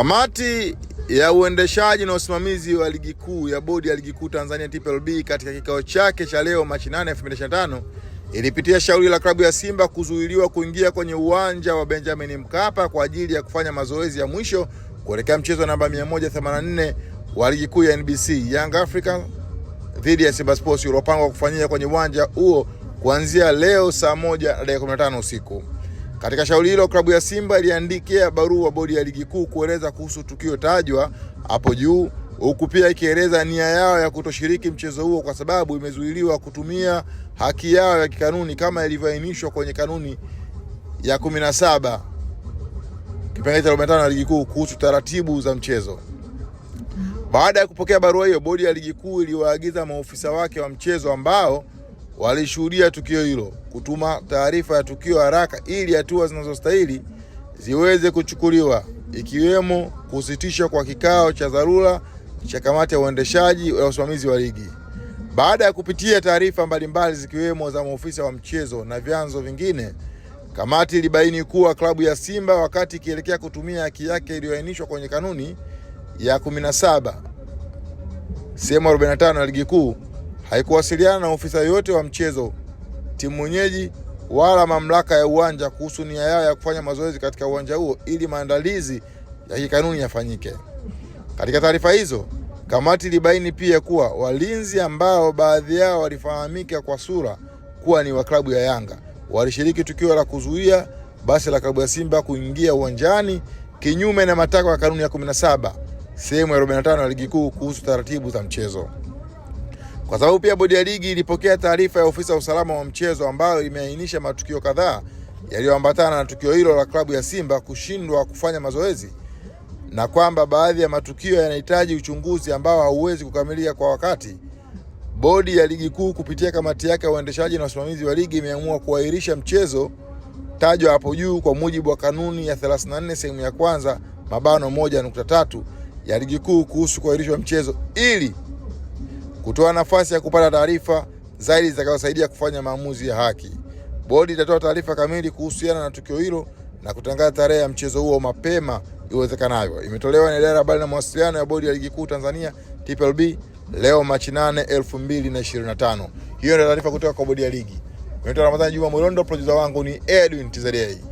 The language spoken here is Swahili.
Kamati ya uendeshaji na usimamizi wa ligi kuu ya bodi ya ligi kuu Tanzania TPLB katika kikao chake cha leo Machi 8, 2025 ilipitia shauri la klabu ya Simba kuzuiliwa kuingia kwenye uwanja wa Benjamin Mkapa kwa ajili ya kufanya mazoezi ya mwisho kuelekea mchezo namba 184 wa ligi kuu ya NBC Young Africa dhidi ya Simba Sports uliopangwa kufanyika kwenye uwanja huo kuanzia leo saa 1 dakika 15 usiku. Katika shauri hilo, klabu ya Simba iliandikia barua bodi ya ligi kuu kueleza kuhusu tukio tajwa hapo juu, huku pia ikieleza nia yao ya kutoshiriki mchezo huo kwa sababu imezuiliwa kutumia haki yao ya kikanuni kama ilivyoainishwa kwenye kanuni ya 17 kipengele cha 45 ya ligi kuu kuhusu taratibu za mchezo. Baada ya kupokea barua hiyo, bodi ya ligi kuu iliwaagiza maofisa wake wa mchezo ambao walishuhudia tukio hilo, kutuma taarifa ya tukio haraka ili hatua zinazostahili ziweze kuchukuliwa, ikiwemo kusitishwa kwa kikao cha dharura cha kamati ya uendeshaji ya usimamizi wa ligi. Baada ya kupitia taarifa mbalimbali zikiwemo za maofisa wa mchezo na vyanzo vingine, kamati ilibaini kuwa klabu ya Simba wakati ikielekea kutumia haki yake iliyoainishwa kwenye kanuni ya 17 sehemu 45 ya ligi kuu haikuwasiliana na ofisa yoyote wa mchezo, timu mwenyeji wala mamlaka ya uwanja kuhusu nia yao ya kufanya mazoezi katika uwanja huo ili maandalizi ya kikanuni yafanyike. Katika taarifa hizo, kamati ilibaini pia kuwa walinzi ambao baadhi yao walifahamika kwa sura kuwa ni wa klabu ya Yanga walishiriki tukio la kuzuia basi la klabu ya Simba kuingia uwanjani kinyume na matakwa ya kanuni ya 17 sehemu ya 45 ya ligi kuu kuhusu taratibu za mchezo. Kwa sababu pia bodi ya ligi ilipokea taarifa ya ofisa usalama wa mchezo ambayo imeainisha matukio kadhaa yaliyoambatana na tukio hilo la klabu ya Simba kushindwa kufanya mazoezi na kwamba baadhi ya matukio yanahitaji uchunguzi ambao hauwezi kukamilika kwa wakati. Bodi ya ligi kuu kupitia kamati yake ya uendeshaji na usimamizi wa ligi imeamua kuahirisha mchezo tajwa hapo juu kwa mujibu wa kanuni ya 34 sehemu ya kwanza mabano 1.3 ya ligi kuu kuhusu kuahirishwa mchezo ili kutoa nafasi ya kupata taarifa zaidi zitakazosaidia kufanya maamuzi ya haki. Bodi itatoa taarifa kamili kuhusiana na tukio hilo na kutangaza tarehe ya mchezo huo mapema iwezekanavyo. Imetolewa na idara ya habari na mawasiliano ya bodi ya ligi kuu Tanzania TPLB leo Machi 8, 2025. Hiyo ndio taarifa kutoka kwa bodi ya ligi. ni Ramadhani Juma Mwilondo, producer wangu ni Edwin Tizedei.